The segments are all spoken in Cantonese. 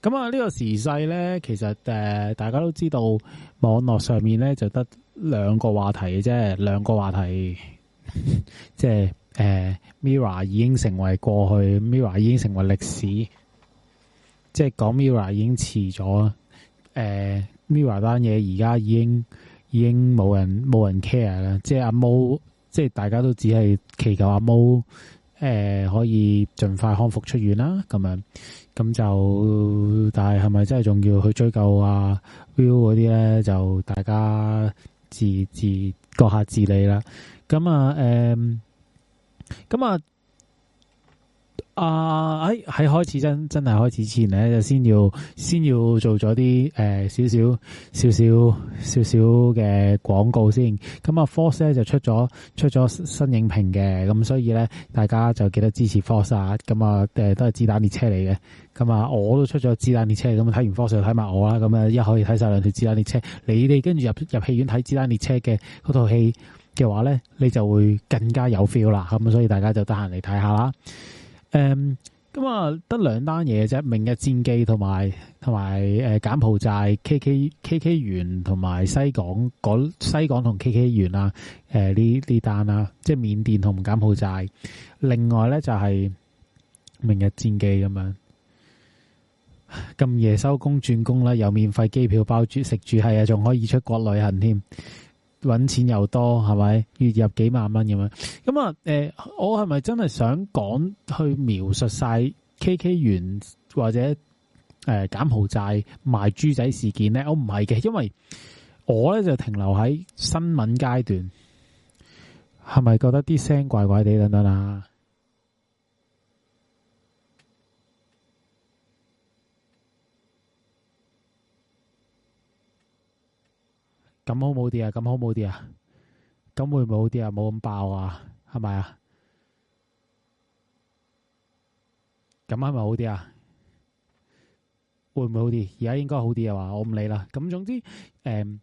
咁啊，呢個時勢咧，其實誒，大家都知道，網絡上面咧就得兩個話題嘅啫，兩個話題，即係誒 mirror 已經成為過去 mirror 已經成為歷史，即係講 mirror 已經遲咗，誒 mirror 單嘢而家已經已經冇人冇人 care 啦，即係阿毛，即係大家都只係祈求阿毛。誒、呃，可以盡快康復出院啦，咁樣，咁就，但係係咪真係仲要去追究啊？Viu 嗰啲咧，就大家自自各下自理啦。咁啊，誒、嗯，咁啊。啊！喺喺、uh, 哎、開始真真係開始前咧，就先要先要做咗啲誒，少少少少少少嘅廣告先。咁啊，Force 咧就出咗出咗新影評嘅，咁所以咧，大家就記得支持 Force。咁啊，誒、啊呃、都係子彈列車嚟嘅。咁啊，我都出咗子彈列車，咁啊睇完 Force 就睇埋我啦。咁啊，一可以睇晒兩條子彈列車。你哋跟住入入戲院睇子彈列車嘅嗰套戲嘅話咧，你就會更加有 feel 啦。咁所以大家就得閒嚟睇下啦。誒，咁啊、嗯，得兩單嘢啫，明日戰機同埋同埋誒，柬埔寨 K K K K 園同埋西港西港同 K K 園啊。誒、呃，呢呢單啦，即係緬甸同柬埔寨。另外咧就係明日戰機咁樣，咁夜收工轉工啦，有免費機票包住食住係啊，仲可以出國旅行添。揾錢又多係咪月入幾萬蚊咁樣？咁啊，誒、呃，我係咪真係想講去描述晒 KK 園或者誒柬埔寨賣豬仔事件咧？我唔係嘅，因為我咧就停留喺新聞階段，係咪覺得啲聲怪怪地等等啊？咁好唔好啲啊！咁好唔好啲啊！咁會唔會好啲啊？冇咁爆啊，係咪啊？咁係咪好啲啊？會唔會好啲？而家應該好啲呀。話我唔理啦。咁總之，誒、嗯、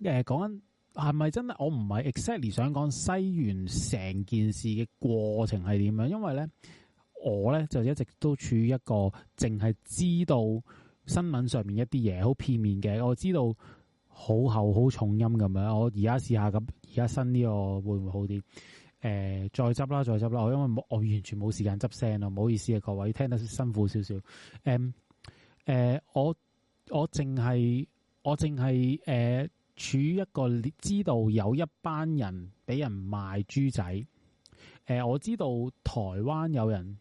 誒，講緊係咪真係？我唔係 exactly 想講西元成件事嘅過程係點樣，因為咧我咧就一直都處於一個淨係知道新聞上面一啲嘢，好片面嘅。我知道。好厚好重音咁樣，我而家試下咁，而家新呢個會唔會好啲？誒、呃，再執啦，再執啦！我因為冇，我完全冇時間執聲啊，唔好意思啊，各位聽得辛苦少少。誒、呃，誒、呃，我我淨係我淨係誒，處、呃、一個知道有一班人俾人賣豬仔。誒、呃，我知道台灣有人，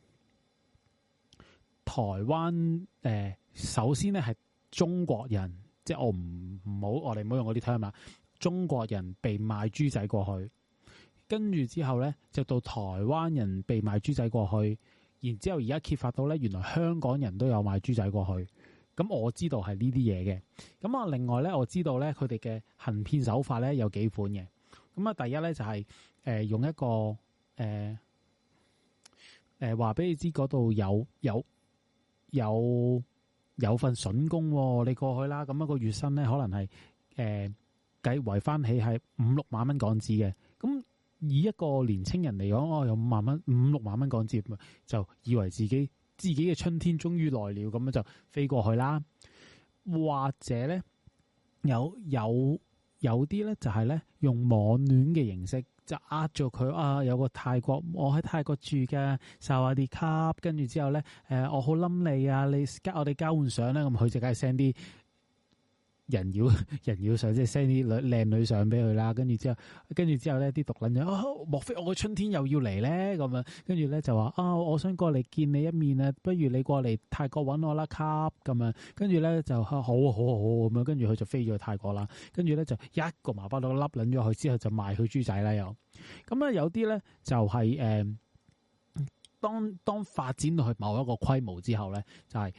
台灣誒、呃，首先咧係中國人。即係我唔唔好，我哋唔好用嗰啲 term 啦。中國人被賣豬仔過去，跟住之後咧，就到台灣人被賣豬仔過去，然之後而家揭發到咧，原來香港人都有賣豬仔過去。咁我知道係呢啲嘢嘅。咁啊，另外咧，我知道咧，佢哋嘅行騙手法咧有幾款嘅。咁啊，第一咧就係、是、誒、呃、用一個誒誒話俾你知嗰度有有有。有有有份筍工，哦，你過去啦，咁一個月薪咧可能係誒計維翻起係五六萬蚊港紙嘅，咁以一個年青人嚟講哦有五萬蚊，五六萬蚊港紙，咁啊就以為自己自己嘅春天終於來了，咁樣就飛過去啦。或者咧，有有有啲咧就係、是、咧用網戀嘅形式。就呃咗佢啊！有個泰國，我喺泰國住嘅，就話啲卡，跟住之後咧，誒，我好冧你啊！你我哋交換相咧、啊，咁佢就梗係 send 啲。人妖人妖上即係 send 啲女靚女相俾佢啦，跟住之後，跟住之後咧，啲毒撚就、哦，莫非我個春天又要嚟咧？咁樣，跟住咧就話啊、哦，我想過嚟見你一面啊，不如你過嚟泰國揾我啦，卡咁樣，跟住咧就好，好好咁樣，跟住佢就飛咗去泰國啦，跟住咧就一個麻包度粒撚咗佢，之後就賣佢豬仔啦，又咁啊，有啲咧就係、是、誒、呃，當當發展到去某一個規模之後咧，就係、是。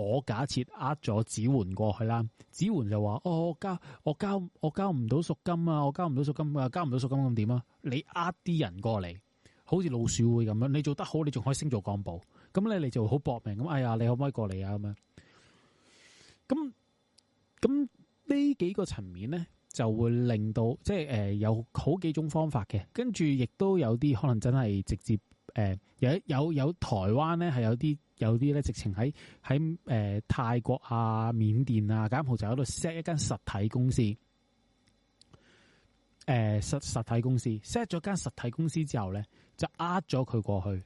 我假設呃咗指換過去啦，指換就話：哦，我交我交我交唔到贖金啊，我交唔到贖金啊，交唔到贖金咁點啊？你呃啲人過嚟，好似老鼠會咁樣。你做得好，你仲可以升做幹部。咁咧，你就好搏命咁。哎呀，你可唔可以過嚟啊？咁咁咁呢幾個層面咧，就會令到即係、就是呃、有好幾種方法嘅。跟住亦都有啲可能真係直接、呃、有有有台灣咧係有啲。有啲咧直情喺喺誒泰國啊、緬甸啊，柬埔寨就喺度 set 一間實體公司，誒、呃、實實體公司 set 咗間實體公司之後咧，就呃咗佢過去，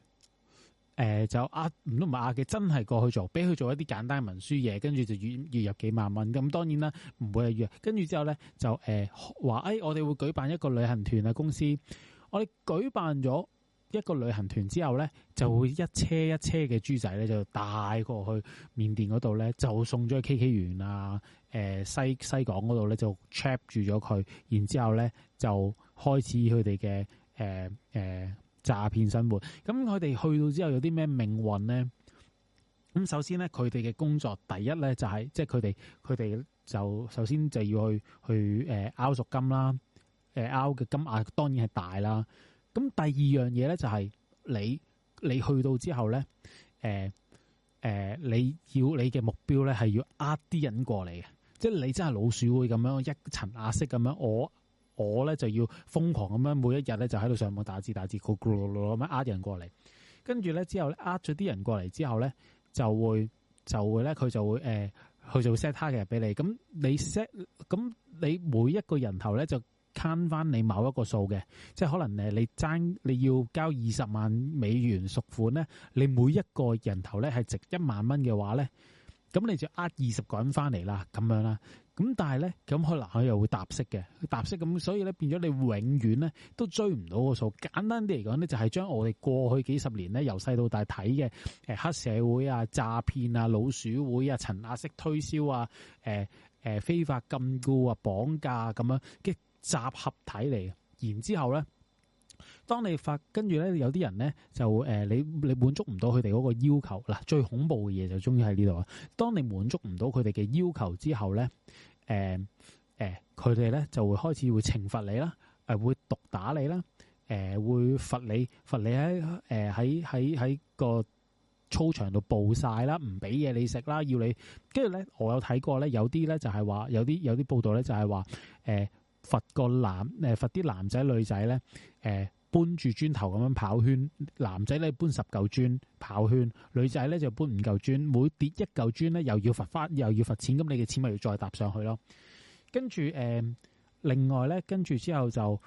誒就呃，唔通唔呃，嘅真係過去做，俾佢做一啲簡單文書嘢，跟住就月月入幾萬蚊。咁當然啦，唔會係月。跟住之後咧就誒話，誒、呃哎、我哋會舉辦一個旅行團嘅公司，我哋舉辦咗。一個旅行團之後咧，就會一車一車嘅豬仔咧，就帶過去緬甸嗰度咧，就送咗去 K K 園啊，誒、呃、西西港嗰度咧就 trap 住咗佢，然之後咧，就開始佢哋嘅誒誒詐騙生活。咁佢哋去到之後有啲咩命運咧？咁首先咧，佢哋嘅工作第一咧就係即係佢哋佢哋就，是，就首先就要去去誒拗贖金啦，誒拗嘅金額當然係大啦。咁第二樣嘢咧就係你你去到之後咧，誒、呃、誒、呃、你要你嘅目標咧係要呃啲人過嚟嘅，即係你真係老鼠會咁樣一層壓式咁樣，我我咧就要瘋狂咁樣每一日咧就喺度上網打字打字，咕咕碌碌碌咁樣呃，呃，呃人過嚟，跟住咧之後咧呃咗啲人過嚟之後咧就會就會咧佢就會誒去做 set task 嘅俾你，咁你 set 咁你每一個人頭咧就。慳翻你某一個數嘅，即係可能誒你爭你要交二十萬美元贖款咧，你每一個人頭咧係值一萬蚊嘅話咧，咁你就呃二十個人翻嚟啦，咁樣啦。咁但係咧，咁可能佢又會搭息嘅，搭息咁，所以咧變咗你永遠咧都追唔到個數。簡單啲嚟講咧，就係將我哋過去幾十年咧由細到大睇嘅誒黑社會啊、詐騙啊、老鼠會啊、層壓式推銷啊、誒、呃、誒非法禁錮啊、綁架咁樣集合體嚟，然之後咧，當你發跟住咧，有啲人咧就誒、呃，你你滿足唔到佢哋嗰個要求嗱，最恐怖嘅嘢就終於喺呢度啦。當你滿足唔到佢哋嘅要求之後咧，誒、呃、誒，佢哋咧就會開始會懲罰你啦，誒、呃、會毒打你啦，誒、呃、會罰你罰你喺誒喺喺喺個操場度暴曬啦，唔俾嘢你食啦，要你跟住咧，我有睇過咧，有啲咧就係、是、話有啲有啲報道咧就係話誒。呃罰個男誒，罰啲男仔女仔咧，誒，搬住磚頭咁樣跑圈，男仔咧，搬十嚿磚跑圈，女仔咧就搬五嚿磚，每跌一嚿磚咧又要罰翻，又要罰錢，咁你嘅錢咪要再搭上去咯。跟住誒、呃，另外咧，跟住之後就誒、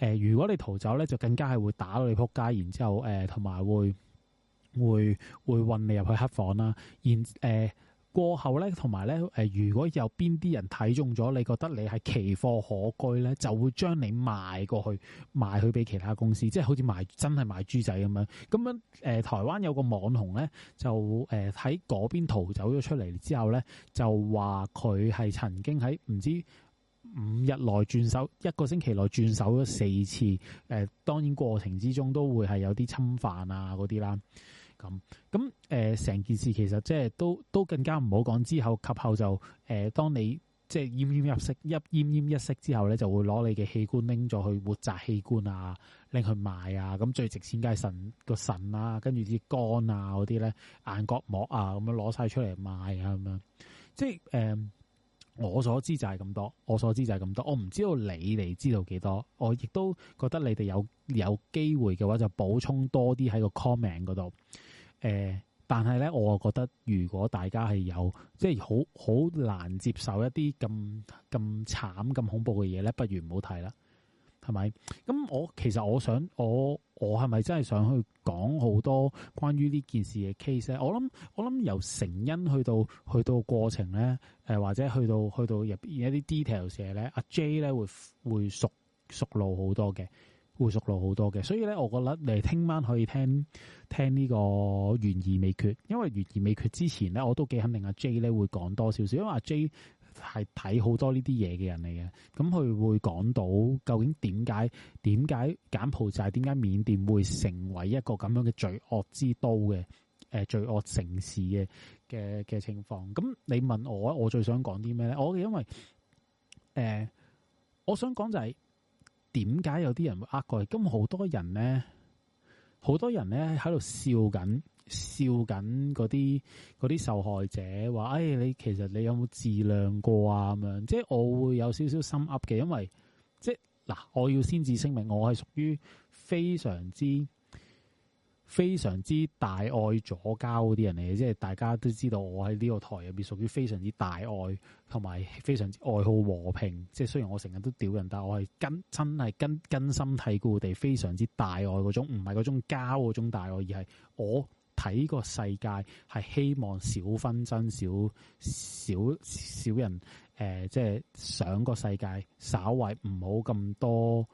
呃，如果你逃走咧，就更加係會打到你仆街，然之後誒，同、呃、埋會會會運你入去黑房啦，然誒。呃過後咧，同埋咧，誒，如果有邊啲人睇中咗你，覺得你係奇貨可居咧，就會將你賣過去，賣去俾其他公司，即係好似賣真係賣豬仔咁樣。咁樣、呃、台灣有個網紅咧，就誒喺嗰邊逃走咗出嚟之後咧，就話佢係曾經喺唔知五日內轉手，一個星期內轉手咗四次。誒、呃、當然過程之中都會係有啲侵犯啊嗰啲啦。咁咁誒，成件事其實即係都都更加唔好講。之後及後就誒、呃，當你即係奄奄一息，一奄奄一息之後咧，就會攞你嘅器官拎咗去活摘器官啊，拎去賣啊。咁最值錢梗係，腎個腎啊，跟住啲肝啊嗰啲咧，眼角膜啊咁樣攞晒出嚟賣啊咁樣即係誒、呃，我所知就係咁多，我所知就係咁多。我唔知道你哋知道幾多，我亦都覺得你哋有有機會嘅話，就補充多啲喺個 comment 嗰度。誒，但係咧，我又覺得如果大家係有即係好好難接受一啲咁咁慘咁恐怖嘅嘢咧，不如唔好睇啦，係咪？咁我其實我想，我我係咪真係想去講好多關於呢件事嘅 case 咧？我諗我諗由成因去到去到過程咧，誒或者去到去到入邊一啲 details 嘅咧，阿 J 咧會會熟熟路好多嘅。會熟路好多嘅，所以咧，我覺得你聽晚可以聽聽呢個《懸疑未決》，因為《懸疑未決》之前咧，我都幾肯定阿 J 咧會講多少少，因為阿 J 係睇好多呢啲嘢嘅人嚟嘅，咁佢會講到究竟點解點解柬埔寨，點解緬甸會成為一個咁樣嘅罪惡之都嘅誒、呃、罪惡城市嘅嘅嘅情況。咁你問我，我最想講啲咩咧？我因為、呃、我想講就係。點解有啲人會呃佢？咁好多人咧，好多人咧喺度笑緊，笑緊嗰啲嗰啲受害者，話：誒、哎，你其實你有冇自量過啊？咁樣，即係我會有少少心噏嘅，因為即係嗱，我要先至聲明，我係屬於非常之。非常之大愛咗交嗰啲人嚟嘅，即係大家都知道我喺呢個台入面屬於非常之大愛，同埋非常之愛好和平。即係雖然我成日都屌人，但係我係根真係根根深蒂固地非常之大愛嗰種，唔係嗰種交嗰種大愛，而係我睇個世界係希望少紛爭，少少少人誒、呃，即係想個世界稍為唔好咁多誒。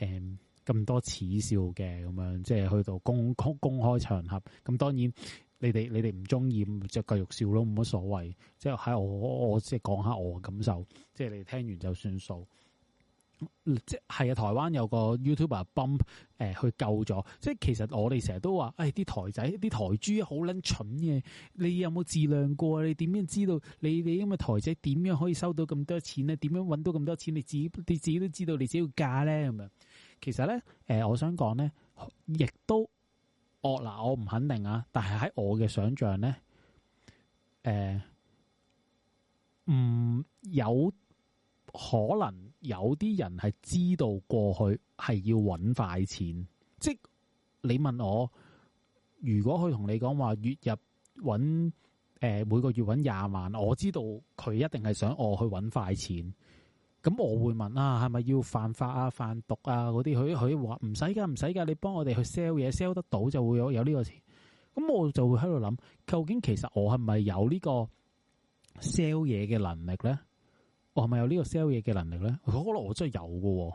嗯咁多恥笑嘅咁樣，即係去到公公，公開場合，咁當然你哋你哋唔中意，就繼續笑咯，冇乜所謂。即係喺我我即係講下我嘅感受，即係你聽完就算數。即係係啊，台灣有個 YouTuber Bump、呃、去救咗。即係其實我哋成日都話，誒、哎、啲台仔、啲台豬好撚蠢嘅。你有冇自量過？你點樣知道？你哋因為台仔點樣可以收到咁多錢咧？點樣揾到咁多錢？你自己你自己都知道你自己要嫁咧，咁其實咧，誒、呃，我想講咧，亦都惡嗱，我唔肯定啊。但係喺我嘅想象咧，誒、呃，唔、嗯、有可能有啲人係知道過去係要揾快錢。即係你問我，如果佢同你講話月入揾，誒、呃，每個月揾廿萬，我知道佢一定係想我去揾快錢。咁我會問啊，係咪要犯法啊、販毒啊嗰啲？佢佢話唔使㗎，唔使㗎。你幫我哋去 sell 嘢，sell 得到就會有有呢個錢。咁我就會喺度諗，究竟其實我係咪有呢個 sell 嘢嘅能力咧？我係咪有呢個 sell 嘢嘅能力咧？我可能我真係有喎。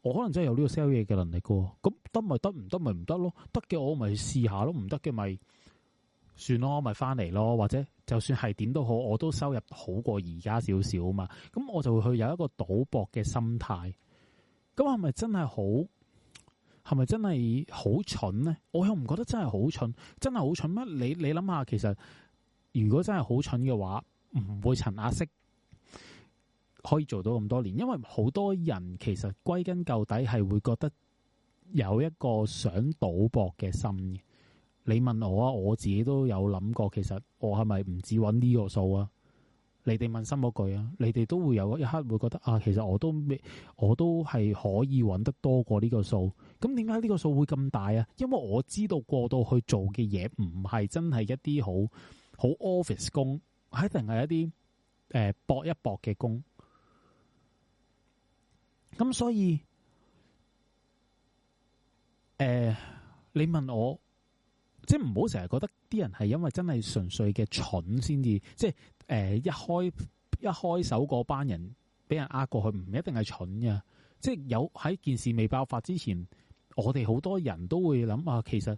我可能真係有呢個 sell 嘢嘅能力喎。咁得咪得，唔得咪唔得咯。得嘅我咪試下咯，唔得嘅咪，算咯，咪翻嚟咯，或者就算係點都好，我都收入好過而家少少啊嘛。咁我就會去有一個賭博嘅心態。咁係咪真係好？係咪真係好蠢呢？我又唔覺得真係好蠢，真係好蠢咩？你你諗下，其實如果真係好蠢嘅話，唔會陳亞色可以做到咁多年。因為好多人其實歸根究底係會覺得有一個想賭博嘅心的。你問我啊，我自己都有諗過，其實我係咪唔止搵呢個數啊？你哋問心嗰句啊，你哋都會有一刻會覺得啊，其實我都未，我都係可以搵得多過呢個數。咁點解呢個數會咁大啊？因為我知道過到去做嘅嘢，唔係真係一啲好好 office 工，一定係一啲誒搏一搏嘅工。咁所以誒、呃，你問我？即係唔好成日覺得啲人係因為真係純粹嘅蠢先至，即係誒、呃、一開一開手嗰班人俾人呃過去唔一定係蠢嘅，即係有喺件事未爆發之前，我哋好多人都會諗啊，其實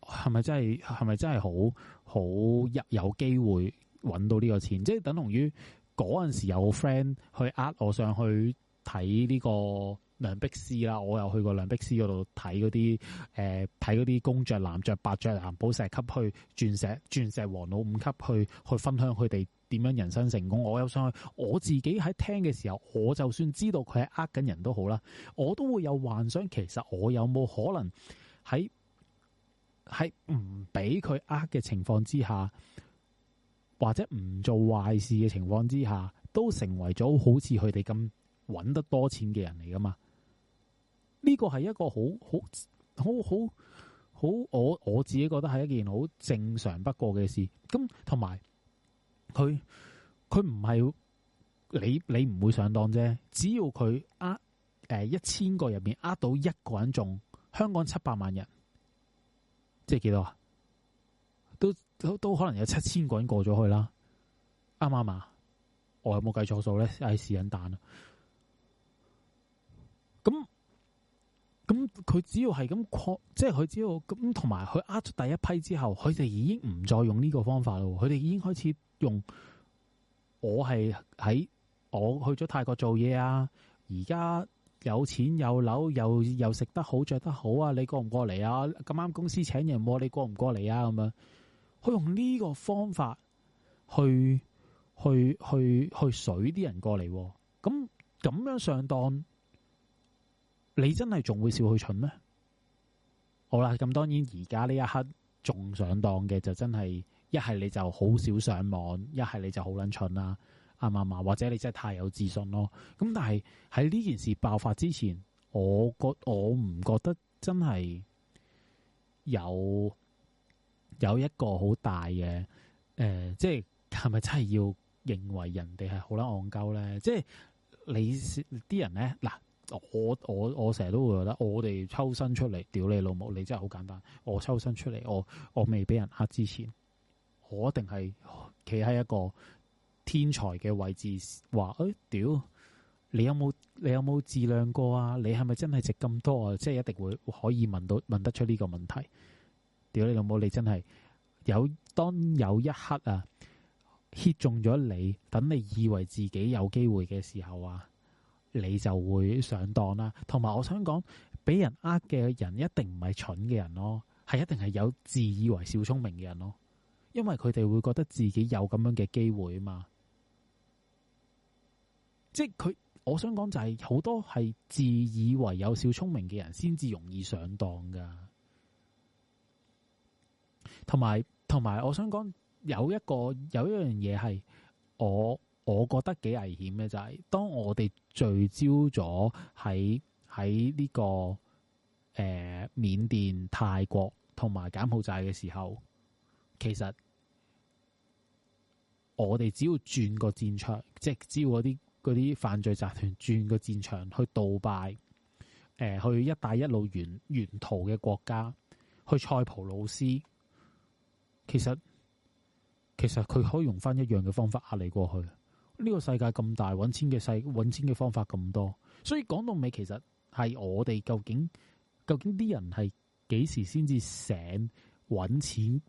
係咪真係，係咪真係好好一有有機會搵到呢個錢？即係等同於嗰陣時候有 friend 去呃我上去睇呢、呢個。梁碧斯啦，我又去過梁碧斯嗰度睇嗰啲，誒睇嗰啲公爵、男爵、白爵、藍寶石級去鑽石、鑽石王老五級去去分享佢哋點樣人生成功。我有上去，我自己喺聽嘅時候，我就算知道佢係呃緊人都好啦，我都會有幻想，其實我有冇可能喺喺唔俾佢呃嘅情況之下，或者唔做壞事嘅情況之下，都成為咗好似佢哋咁揾得多錢嘅人嚟噶嘛？呢個係一個好好好好好，我我自己覺得係一件好正常不過嘅事。咁同埋佢佢唔係，你你唔會上當啫，只要佢呃，誒，一千個入邊呃到一個人中，香港七百萬人，即係幾多啊？都都，都可能有七千個人過咗去啦，啱唔啱啊？我有冇計錯數咧？係試緊彈啊！咁佢只要係咁，擴，即係佢只要咁，同埋佢呃咗第一批之後，佢哋已經唔再用呢個方法咯。佢哋已經開始用我係喺我去咗泰國做嘢啊！而家有錢有樓又又食得好着得好啊！你過唔過嚟啊？咁啱公司請人喎，啊，你過唔過嚟啊？咁樣，佢用呢個方法去去去去水啲人過嚟，啊，咁咁樣上當。你真係仲會笑佢蠢咩？好啦，咁當然而家呢一刻仲上當嘅，就真係一係你就好少上網，一係你就好撚蠢啦，啱唔啱？或者你真係太有自信咯。咁但係喺呢件事爆發之前，我覺得我唔覺得真係有有一個好大嘅，誒、呃，即係係咪真係要認為人哋係好撚戇鳩咧？即係你啲人咧，嗱。我我我成日都會覺得，我哋抽身出嚟屌你老母，你真係好簡單。我抽身出嚟，我我未俾人呃之前，我一定係企喺一個天才嘅位置，話誒、哎，屌你有冇你有冇自量過啊？你係咪真係值咁多啊？即係一定會可以問到問得出呢個問題。屌你老母，你真係有當有一刻啊，hit 中咗你，等你以為自己有機會嘅時候啊！你就會上當啦，同埋我想講，俾人呃嘅人一定唔係蠢嘅人咯，係一定係有自以為小聰明嘅人咯，因為佢哋會覺得自己有咁樣嘅機會啊嘛，即係佢我想講就係、是、好多係自以為有小聰明嘅人先至容易上當㗎，同埋同埋我想講有一個有一樣嘢係我。我覺得幾危險嘅就係，當我哋聚焦咗喺喺呢個誒、呃、緬甸、泰國同埋柬埔寨嘅時候，其實我哋只要轉個戰場，即係嗰啲嗰啲犯罪集團轉個戰場去杜拜，誒、呃、去一帶一路沿，沿途嘅國家去塞浦路斯，其實其實佢可以用翻一樣嘅方法壓你過去。呢個世界咁大，搵錢嘅世搵錢嘅方法咁多，所以講到尾，其實係我哋究竟究竟啲人係幾時先至醒？搵錢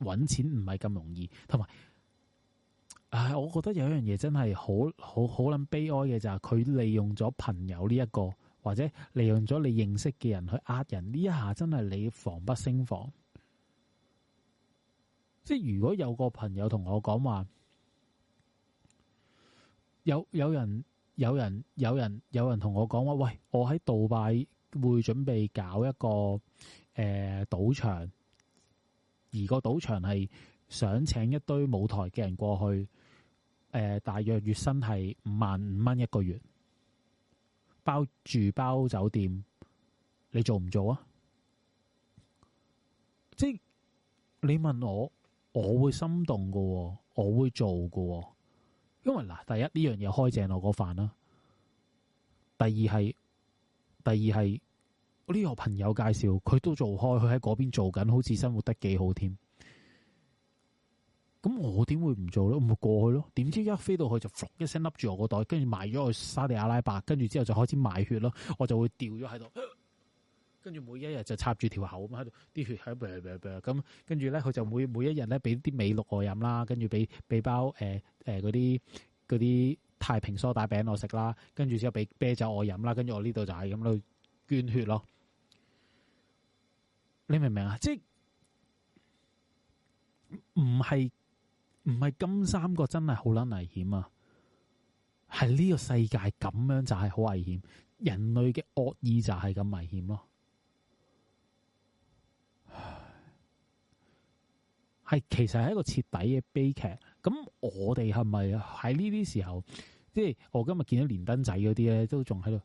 搵錢唔係咁容易，同埋，唉，我覺得有一樣嘢真係好好好撚悲哀嘅就係、是、佢利用咗朋友呢、這、一個，或者利用咗你認識嘅人去呃人，呢一下真係你防不勝防。即係如果有個朋友同我講話。有有人有人有人有人同我講話，喂，我喺杜拜會準備搞一個誒賭、呃、場，而個賭場係想請一堆舞台嘅人過去，誒、呃，大約月薪係五萬五蚊一個月，包住包酒店，你做唔做啊？即係你問我，我會心動噶、哦，我會做噶、哦。因為嗱，第一呢樣嘢開正我個飯啦，第二係第二係我呢個朋友介紹，佢都做開，佢喺嗰邊做緊，好似生活得幾好添。咁我點會唔做咧？我咪過去咯。點知一飛到去就伏一聲笠住我個袋，跟住埋咗去沙地阿拉伯，跟住之後就開始賣血咯。我就會掉咗喺度。跟住每一日就插住條口咁喺度，啲血喺度咁，跟住咧佢就每每一日咧俾啲美祿我飲啦，跟住俾俾包誒誒嗰啲嗰啲太平梳打餅我食啦，跟住之後俾啤酒我飲啦，跟住我呢度就係咁喺度捐血咯。你明唔明啊？即係唔係唔係金三角真係好捻危險啊？係呢個世界咁樣就係好危險，人類嘅惡意就係咁危險咯。係，其實係一個徹底嘅悲劇。咁我哋係咪喺呢啲時候？即係我今日見到連登仔嗰啲咧，都仲喺度。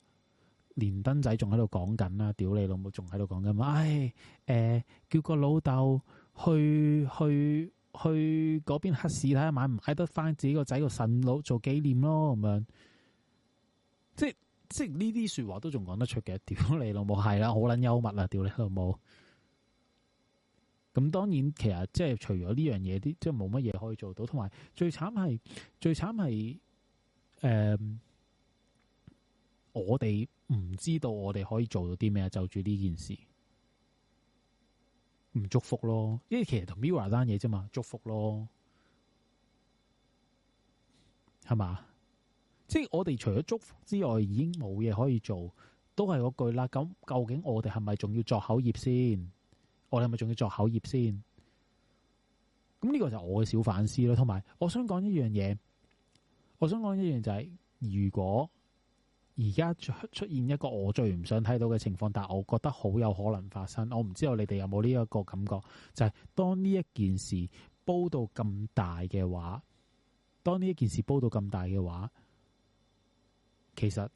連登仔仲喺度講緊啦，屌你老母！仲喺度講緊嘛？唉，誒、呃、叫個老豆去去去嗰邊黑市睇下買唔買得翻自己個仔個腎佬做紀念咯，咁樣。即即呢啲説話都仲講得出嘅，屌你老母係啦，好撚幽默啊，屌你老母！咁當然，其實即係除咗呢樣嘢，啲即係冇乜嘢可以做到。同埋最慘係，最慘係，誒、呃，我哋唔知道我哋可以做到啲咩啊？就住呢件事，唔祝福咯。因為其實同 Mirror 單嘢啫嘛，祝福咯，係嘛？即係我哋除咗祝福之外，已經冇嘢可以做，都係嗰句啦。咁究竟我哋係咪仲要作口業先？我哋係咪仲要作口業先？咁呢個就係我嘅小反思咯。同埋，我想講一樣嘢，我想講一樣就係、是，如果而家出現一個我最唔想睇到嘅情況，但係我覺得好有可能發生。我唔知道你哋有冇呢一個感覺，就係、是、當呢一件事煲到咁大嘅話，當呢一件事煲到咁大嘅話，其實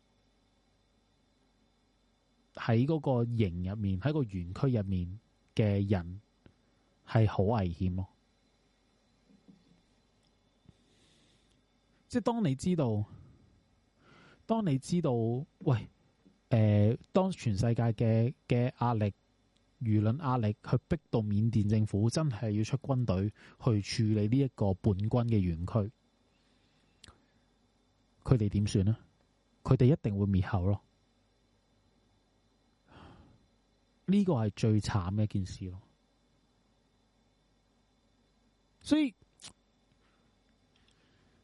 喺嗰個營入面，喺個園區入面。嘅人係好危險咯，即係當你知道，當你知道，喂，誒、呃，當全世界嘅嘅壓力、輿論壓力，去逼到緬甸政府真係要出軍隊去處理這本的呢一個叛軍嘅園區，佢哋點算呢？佢哋一定會滅口咯。呢個係最慘嘅一件事咯，所以，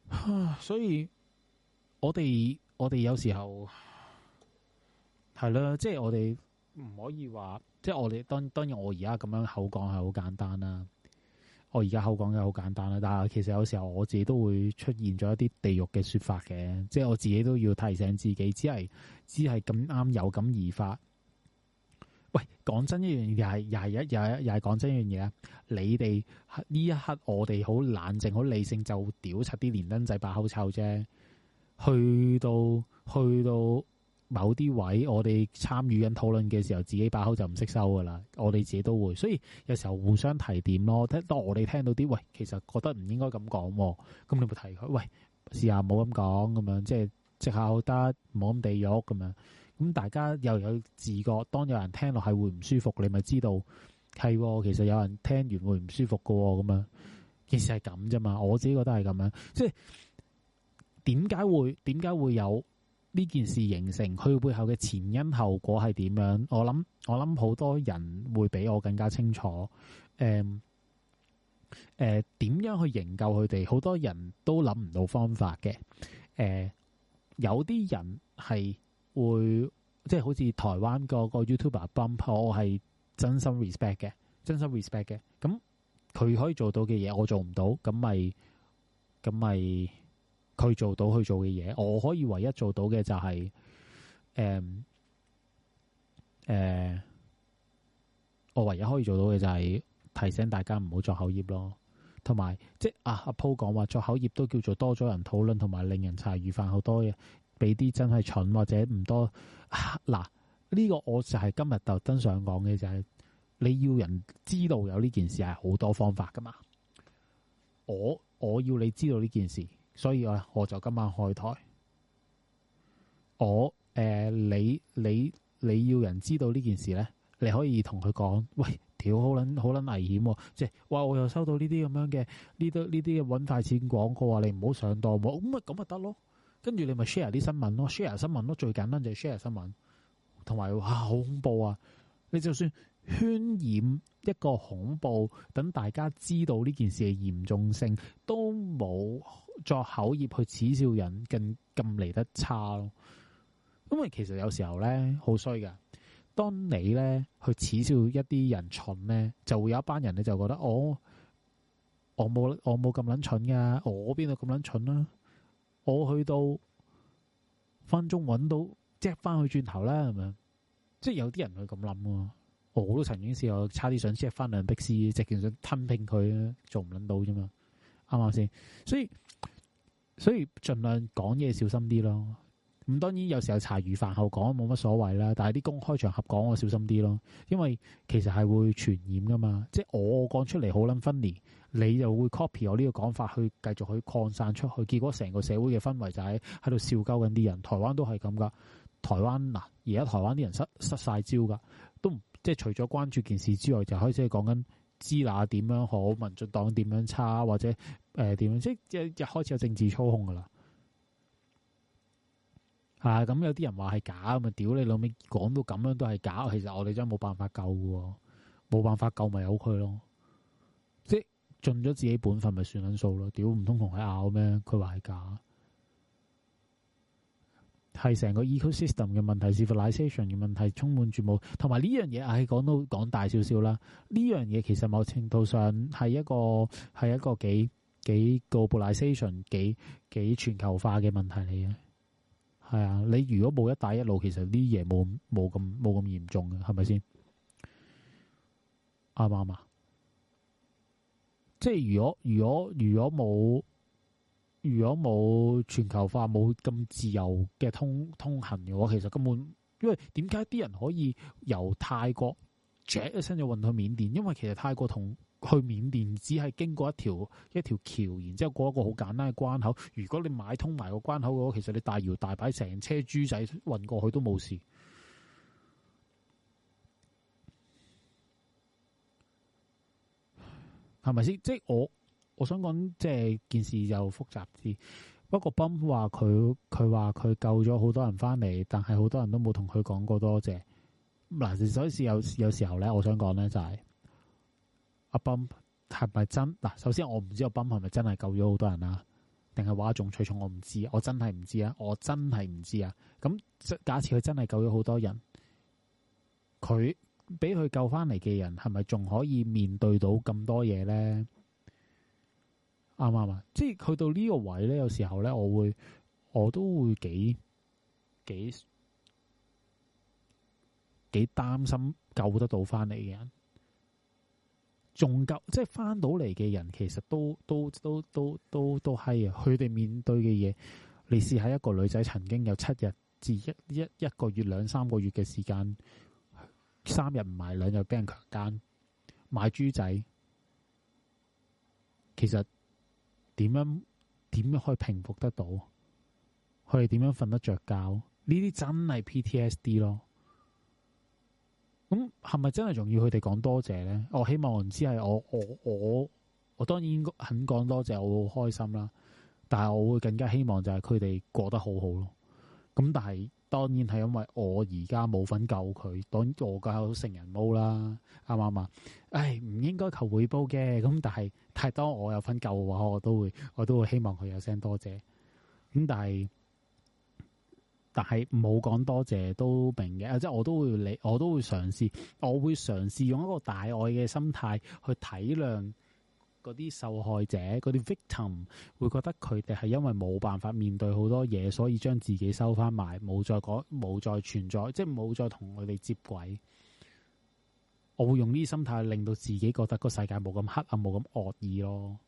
唉所以，我哋我哋有時候係啦，即係我哋唔可以話，即係我哋當然當然我而家咁樣口講係好簡單啦，我而家口講嘅好簡單啦，但係其實有時候我自己都會出現咗一啲地獄嘅說法嘅，即係我自己都要提醒自己，只係只係咁啱有感而發。喂，講真一樣嘢係，又係一，又係又係講真一樣嘢啊！你哋呢一刻，我哋好冷靜，好理性，就屌柒啲連登仔把口臭啫。去到去到某啲位，我哋參與緊討論嘅時候，自己把口就唔識收噶啦。我哋自己都會，所以有時候互相提點咯。當我哋聽到啲，喂，其實覺得唔應該咁講喎。咁你咪提佢，喂，試下冇咁講咁樣，即係即係好得，冇咁地獄咁樣。咁大家又有自覺，當有人聽落係會唔舒服，你咪知道係其實有人聽完會唔舒服噶咁樣，其實係咁啫嘛。我自己覺得係咁樣，即係點解會點解會有呢件事形成？佢背後嘅前因後果係點樣？我諗我諗好多人會比我更加清楚。誒、呃、誒，點樣去營救佢哋？好多人都諗唔到方法嘅。誒、呃，有啲人係。會即係好似台灣嗰個 YouTuber bump，我係真心 respect 嘅，真心 respect 嘅。咁、嗯、佢可以做到嘅嘢，我做唔到，咁咪咁咪佢做到去做嘅嘢，我可以唯一做到嘅就係、是，誒、嗯、誒、嗯，我唯一可以做到嘅就係提醒大家唔好作口業咯，同埋即係阿阿 Po 講話作口業都叫做多咗人討論，同埋令人茶餘飯好多嘅。俾啲真係蠢或者唔多嗱，呢、啊這個我就係今日特登上講嘅就係你要人知道有呢件事係好多方法噶嘛。我我要你知道呢件事，所以我我就今晚開台。我誒、呃，你你你要人知道呢件事咧，你可以同佢講，喂，屌好捻好捻危險、哦，即係哇我又收到呢啲咁樣嘅呢啲呢啲搵快錢廣告話你唔好上當喎。」咁咪咁咪得咯。跟住你咪 share 啲新聞咯，share 新聞咯，最簡單就係 share 新聞，同埋哇好恐怖啊！你就算渲染一個恐怖，等大家知道呢件事嘅嚴重性，都冇作口業去恥笑人更嚟得差咯。因為其實有時候咧好衰㗎！當你咧去恥笑一啲人蠢咧，就會有一班人你就覺得我我冇我冇咁撚蠢噶，我邊度咁撚蠢啦、啊？我去到分鐘揾到，即係翻去轉頭啦，咁樣，即係有啲人會咁諗咯，我都曾經試過，差啲想即係翻梁碧斯，直情想吞併佢啊，做唔捻到啫嘛，啱唔啱先？所以所以盡量講嘢小心啲咯。咁當然有時候茶餘飯後講冇乜所謂啦，但係啲公開場合講我小心啲咯，因為其實係會傳染噶嘛。即係我講出嚟好撚分裂，你就會 copy 我呢個講法去繼續去擴散出去，結果成個社會嘅氛圍就喺喺度笑鳩緊啲人。台灣都係咁噶，台灣嗱，而家台灣啲人失失晒招噶，都即係除咗關注件事之外，就開始講緊支那點樣好，民進黨點樣差，或者呃點樣，即係一開始有政治操控噶啦。咁，啊、有啲人話係假啊嘛！屌你老味，講到咁樣都係假，其實我哋真係冇辦法救嘅喎，冇辦法救咪由佢咯，即盡咗自己本份咪算撚數咯！屌唔通同佢拗咩？佢話係假，係成個 ecosystem 嘅問題，civilisation 嘅問題，問題充滿住冇同埋呢樣嘢。唉，講到講大少少啦，呢樣嘢其實某程度上係一個係一個幾幾個 civilisation 幾幾全球化嘅問題嚟嘅。係啊、哎，你如果冇一帶一路，其實啲嘢冇冇咁冇咁嚴重嘅，係咪先？啱唔啱啊？即係如果如果如果冇如果冇全球化冇咁自由嘅通通行嘅話，其實根本因為點解啲人可以由泰國 c 一 s 就 n 到咗去緬甸？因為其實泰國同去緬甸只係經過一條一條橋，然之後過一個好簡單嘅關口。如果你買通埋個關口嘅話，其實你大搖大擺成車豬仔運過去都冇事，係咪先？即係我我想講，即係件事就複雜啲。不過 Ben 話佢佢話佢救咗好多人翻嚟，但係好多人都冇同佢講過多謝。嗱，所以有有時候咧，我想講咧就係、是。阿斌係咪真嗱？首先我唔知阿斌係咪真係救咗好多人啦，定係嘩眾取寵？我唔知，我真係唔知啊！我真係唔知啊！咁假假設佢真係救咗好多人，佢俾佢救翻嚟嘅人係咪仲可以面對到咁多嘢咧？啱唔啱啊？即係去到呢個位咧，有時候咧，我會我都會幾幾幾擔心救得到翻嚟嘅人。仲夠即係翻到嚟嘅人，其實都都都都都都係啊！佢哋面對嘅嘢，你試一下一個女仔曾經有七日至一一一一個月兩三個月嘅時間，三日唔埋兩日俾人強奸，買豬仔，其實點樣點樣可以平復得到？佢哋點樣瞓得着覺？呢啲真係 PTSD 咯～咁係咪真係仲要佢哋講多謝咧？我希望唔知係我我我我當然應該肯講多謝，我會好開心啦。但係我會更加希望就係佢哋過得好好咯。咁、嗯、但係當然係因為我而家冇份救佢，當然我教有成人冇啦，啱唔啱啊？唉，唔應該求回報嘅。咁但係但當我有份救嘅話，我都會我都會希望佢有聲多謝。咁、嗯、但係。但係冇講多謝都明嘅，即係我都會理，我都會嘗試，我會嘗試用一個大愛嘅心態去體諒嗰啲受害者，嗰啲 victim 會覺得佢哋係因為冇辦法面對好多嘢，所以將自己收翻埋，冇再講，冇再存在，即係冇再同佢哋接軌。我會用呢啲心態令到自己覺得個世界冇咁黑啊，冇咁惡意咯。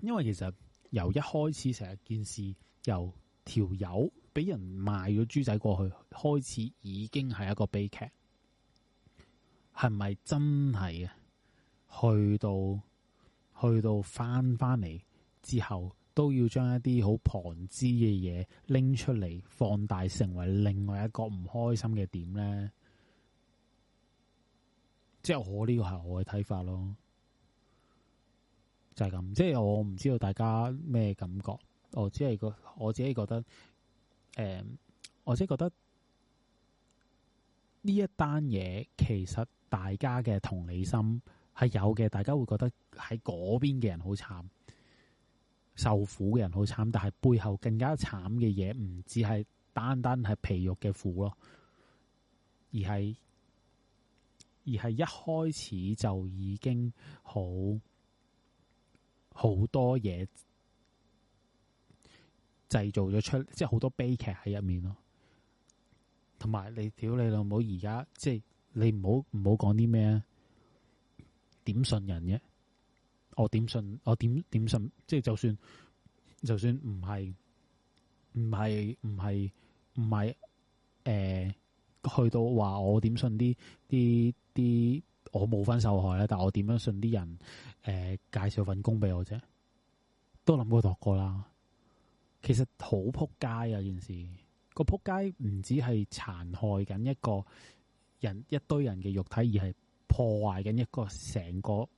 因為其實由一開始成件事由條友俾人賣咗豬仔過去，開始已經係一個悲劇，係咪真係啊？去到去到返返嚟之後，都要將一啲好旁枝嘅嘢拎出嚟放大，成為另外一個唔開心嘅點呢？即係我呢個係我嘅睇法咯。就係咁，即係我唔知道大家咩感覺，我只係覺，我只係覺得，誒、呃，我只係覺得呢一單嘢，其實大家嘅同理心係有嘅，大家會覺得喺嗰邊嘅人好慘，受苦嘅人好慘，但係背後更加慘嘅嘢，唔止係單單係皮肉嘅苦咯，而係而係一開始就已經好。好多嘢製造咗出，即係好多悲劇喺入面咯。同埋你屌你老母，而家即係你唔好唔好講啲咩？點信人嘅？我點信？我點點信？即係就算就算唔係唔係唔係唔係誒去到話我點信啲啲啲？我冇分受害啦，但係我點樣信啲人？誒、呃，介紹份工俾我啫，都諗過度過啦。其實好仆街啊！件、這、事個仆街唔止係殘害緊一個人、一堆人嘅肉體，而係破壞緊一個成個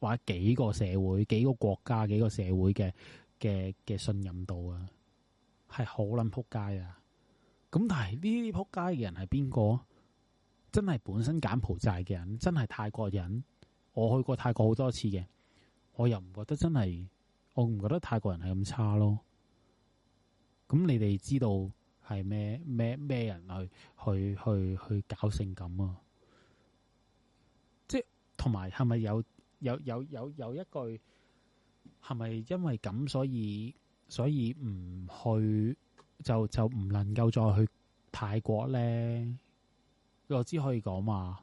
或者幾個社會、幾個國家、幾個社會嘅嘅嘅信任度啊，係好捻仆街啊！咁但係呢啲仆街嘅人係邊個？真係本身柬埔寨嘅人，真係泰國人。我去過泰國好多次嘅，我又唔覺得真係，我唔覺得泰國人係咁差咯。咁你哋知道係咩咩咩人去去去去搞性感啊？即同埋係咪有有有有有一句係咪因為咁所以所以唔去就就唔能夠再去泰國呢？我只可以講嘛，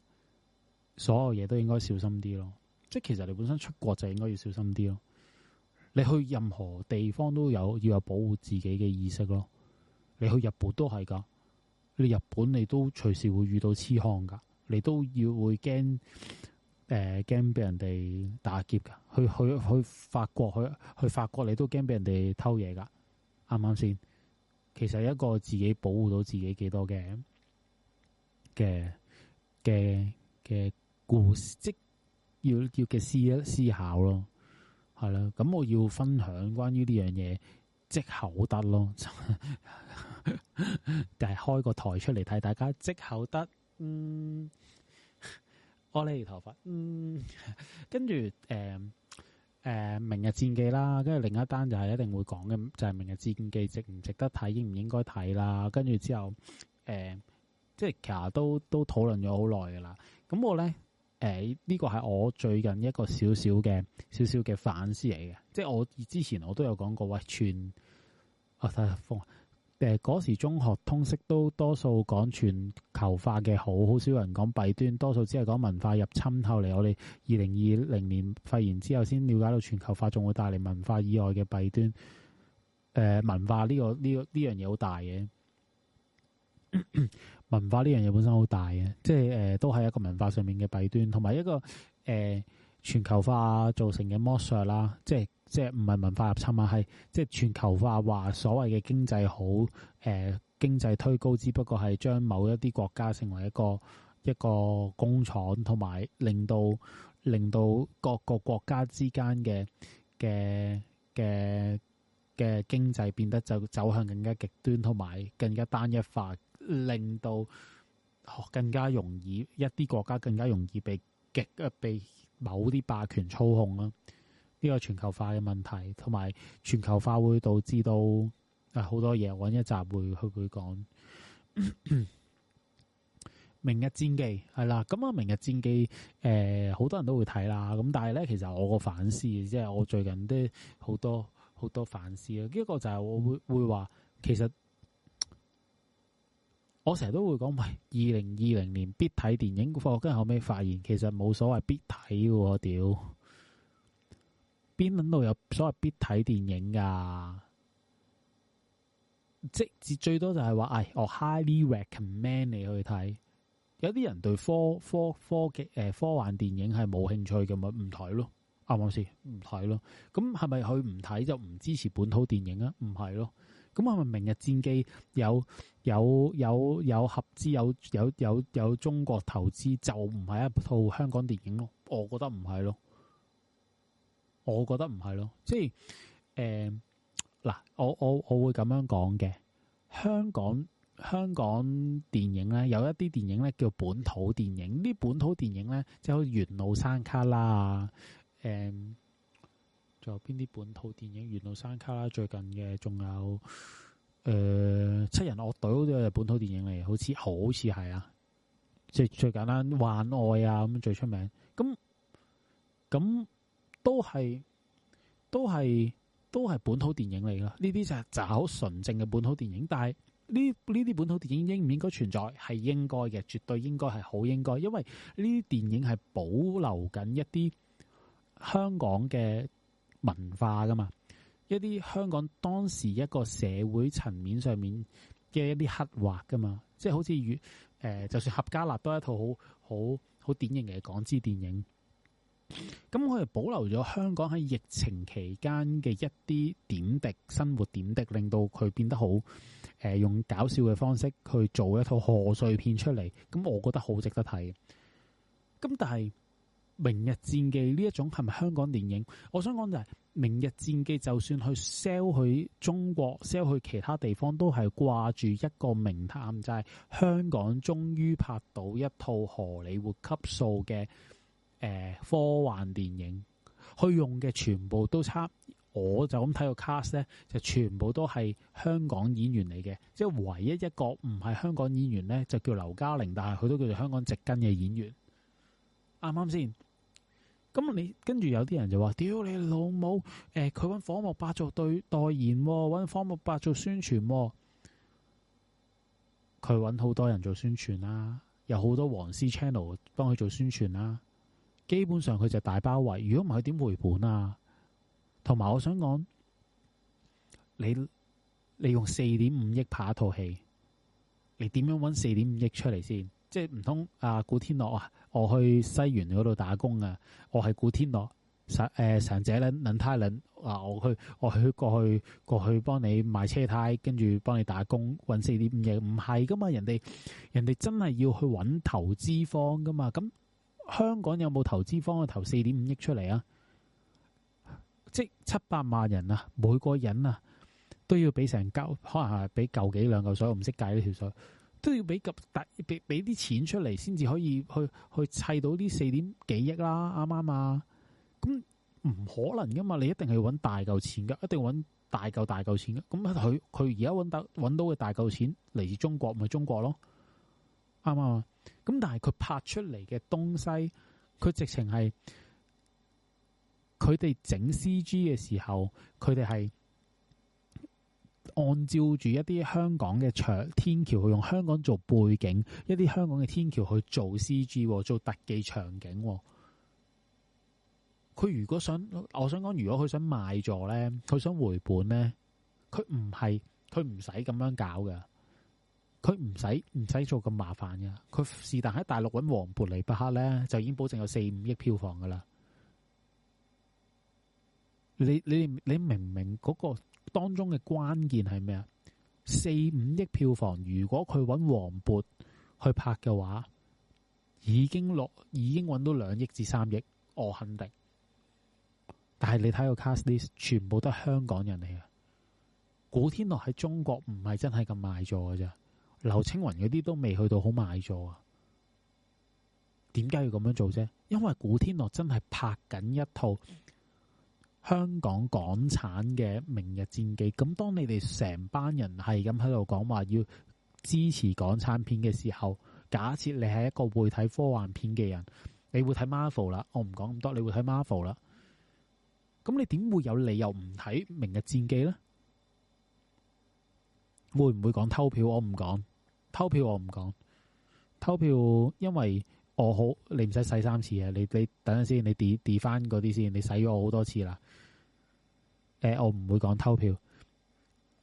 所有嘢都應該小心啲咯。即係其實你本身出國就應該要小心啲咯。你去任何地方都有要有保護自己嘅意識咯。你去日本都係㗎，你去日本你都隨時會遇到痴漢㗎，你都要會驚誒驚俾人哋打劫㗎。去去去法國去去法國你都驚俾人哋偷嘢㗎。啱唔啱先？其實一個自己保護到自己幾多嘅。嘅嘅嘅故事，嗯、即要要嘅思思考咯，係啦。咁我要分享關於呢樣嘢，即口得咯， 就係開個台出嚟睇大家。即口得。嗯，我呢啲頭髮，嗯，跟住誒誒，明日戰記啦，跟住另一單就係一定會講嘅，就係、是、明日戰記值唔值得睇，應唔應該睇啦。跟住之後，誒、哎。即係其實都都討論咗好耐噶啦。咁我呢，誒、呃、呢、呢個係我最近一個小小嘅小小嘅反思嚟嘅。即係我之前我都有講過，喂全啊，睇、哦、下風嗰、呃、時中學通識都多數講全球化嘅好，好少人講弊端，多數只係講文化入侵。後嚟我哋二零二零年肺炎之後，先了解到全球化仲會帶嚟文化以外嘅弊端。誒、呃，文化呢、呢個呢、呢個呢樣嘢好大嘅。 文化呢樣嘢本身好大嘅，即係誒、呃，都係一個文化上面嘅弊端，同埋一個誒、呃、全球化造成嘅剝削啦。即係即係唔係文化入侵啊，係即係全球化話所謂嘅經濟好誒、呃，經濟推高，只不過係將某一啲國家成為一個一個工廠，同埋令到令到各個國家之間嘅嘅嘅嘅經濟變得就走，走向更加極端，同埋更加單一化。令到更加容易，一啲國家更加容易被極啊被某啲霸權操控啦。呢、這個全球化嘅問題，同埋全球化會導致到誒好多嘢。揾一集會去去講《明日戰記》係啦。咁啊，《明日戰記》誒、呃，好多人都會睇啦。咁但係咧，其實我個反思，即係我最近都好多好多反思啦。一、這個就係我會會話，其實。我成日都會講，喂、哎，二零二零年必睇電影嘅貨，跟住後尾發現其實冇所謂必睇嘅，我屌邊撚度有所謂必睇電影㗎？即至最多就係話，哎，我 highly recommend 你去睇。有啲人對科科科技誒、呃、科幻電影係冇興趣嘅，咪唔睇咯？啱唔啱先？唔睇咯？咁係咪佢唔睇就唔支持本土電影啊？唔係咯？咁係咪明日戰機有有有有合資有有有有中國投資就唔係一套香港電影咯？我覺得唔係咯，我覺得唔係咯。即係誒嗱，我我我會咁樣講嘅。香港香港電影咧有一啲電影咧叫本土電影，啲本土電影咧即係好似《元老山卡啦》啊，誒。有邊啲本土電影？《緣路山旮旯》啦，最近嘅仲有誒，呃，《七人樂隊》都係本土電影嚟，好似好似係啊。即係最簡單，《幻愛》啊，咁最出名。咁咁都係都係都係本土電影嚟啦。呢啲就就係好純正嘅本土電影。但係呢呢啲本土電影應唔應該存在？係應該嘅，絕對應該係好應該，因為呢啲電影係保留緊一啲香港嘅。文化噶嘛，一啲香港當時一個社會層面上面嘅一啲刻畫噶嘛，即係好似與誒就算《闔家辣》都係一套好好好典型嘅港資電影。咁佢係保留咗香港喺疫情期間嘅一啲點滴生活點滴，令到佢變得好誒、呃、用搞笑嘅方式去做一套賀歲片出嚟。咁我覺得好值得睇。咁但係。《明日戰記》呢一種係咪香港電影？我想講就係、是《明日戰記》，就算去 sell 去中國、sell 去其他地方，都係掛住一個名探，就係、是、香港終於拍到一套荷里活級數嘅誒科幻電影。去用嘅全部都差，我就咁睇個 cast 咧，就全部都係香港演員嚟嘅，即、就、係、是、唯一一個唔係香港演員咧，就叫劉嘉玲，但係佢都叫做香港植根嘅演員。啱唔啱先？咁你跟住有啲人就話，屌你老母！誒、呃，佢搵火木伯做代代言，搵火木伯做宣傳，佢搵好多人做宣傳啦，有好多黃絲 channel 幫佢做宣傳啦。基本上佢就大包圍，如果唔係佢點回本啊？同埋我想講，你你用四點五億拍一套戲，你點樣搵四點五億出嚟先？即係唔通啊，古天樂啊，我去西園嗰度打工啊，我係古天樂，成誒、呃、者捻輪胎捻啊，我去我去過去過去幫你賣車胎，跟住幫你打工，搵四點五億，唔係噶嘛，人哋人哋真係要去搵投資方噶嘛，咁香港有冇投資方去投四點五億出嚟啊？即係七百萬人啊，每個人啊都要俾成舊，可能係俾舊幾兩舊水，我唔識計呢條數。都要俾及大俾俾啲錢出嚟先至可以去去砌到呢四點幾億啦，啱唔啱啊？咁唔可能噶嘛？你一定係揾大嚿錢噶，一定要揾大嚿大嚿錢噶。咁佢佢而家揾到嘅大嚿錢嚟自中國，咪、就是、中國咯？啱唔啱啊？咁但係佢拍出嚟嘅東西，佢直情係佢哋整 CG 嘅時候，佢哋係。按照住一啲香港嘅長天橋去用香港做背景，一啲香港嘅天橋去做 CG，做特技場景。佢如果想，我想講，如果佢想賣座呢，佢想回本呢，佢唔係，佢唔使咁樣搞噶，佢唔使唔使做咁麻煩噶。佢是但喺大陸揾黃勃尼伯克呢，就已經保證有四五億票房噶啦。你你你明唔明嗰、那個。當中嘅關鍵係咩啊？四五億票房，如果佢揾黃渤去拍嘅話，已經落已經揾到兩億至三億，我肯定。但係你睇個 cast list，全部都係香港人嚟嘅。古天樂喺中國唔係真係咁賣座嘅啫，劉青雲嗰啲都未去到好賣座啊。點解要咁樣做啫？因為古天樂真係拍緊一套。香港港產嘅明日戰記，咁當你哋成班人係咁喺度講話要支持港產片嘅時候，假設你係一個會睇科幻片嘅人，你會睇 Marvel 啦，我唔講咁多，你會睇 Marvel 啦，咁你點會有理由唔睇明日戰記呢？會唔會講偷票？我唔講偷票我，我唔講偷票，因為。我好，你唔使洗三次啊！你你等陣先，你 delete 翻嗰啲先。你洗咗我好多次啦。誒、呃，我唔會講偷票。誒、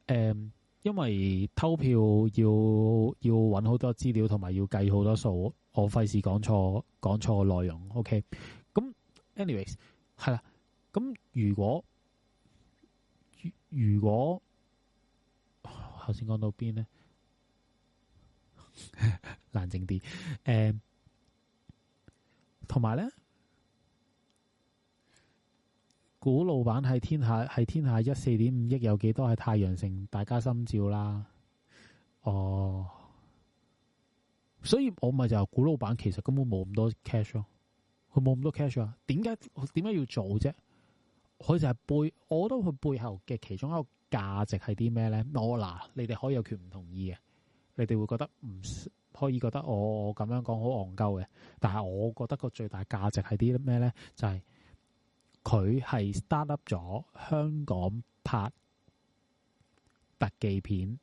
嗯，因為偷票要要揾好多資料，同埋要計好多數。我費事講錯講錯內容。OK，咁 anyways 係啦。咁、anyway, 如果如果頭先講到邊呢？ 冷靜啲。誒、嗯。同埋咧，古老闆係天下係天下一四點五億有幾多？係太陽城，大家心照啦。哦，所以我咪就是說古老闆其實根本冇咁多 cash 咯，佢冇咁多 cash 啊？點解點解要做啫？佢就係背，我覺得佢背後嘅其中一個價值係啲咩咧？我嗱，你哋可以有權唔同意啊？你哋會覺得唔？可以覺得我我咁樣講好戇鳩嘅，但係我覺得個最大價值係啲咩咧？就係佢係 start up 咗香港拍特技片、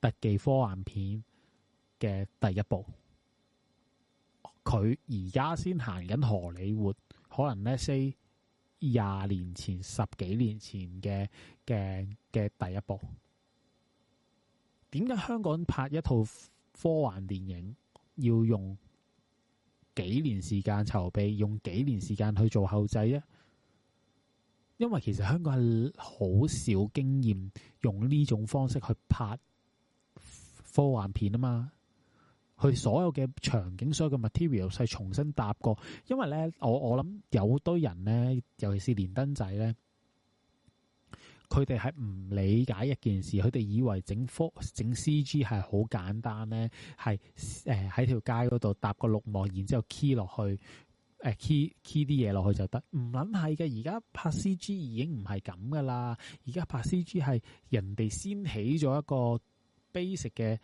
特技科幻片嘅第一步。佢而家先行緊荷里活，可能咧 say 廿年前、十幾年前嘅嘅嘅第一步。點解香港拍一套科幻電影要用幾年時間籌備，用幾年時間去做後製啊。因為其實香港係好少經驗用呢種方式去拍科幻片啊嘛，佢所有嘅場景、所有嘅 material 係重新搭過。因為呢，我我諗有堆人呢，尤其是連登仔呢。佢哋係唔理解一件事，佢哋以為整科整 CG 係好簡單咧。係，誒喺條街嗰度搭個綠幕，然之後 key 落去，誒 key key 啲嘢落去就得。唔諗係嘅，而家拍 CG 已經唔係咁㗎喇。而家拍 CG 係人哋先起咗一個 basic 嘅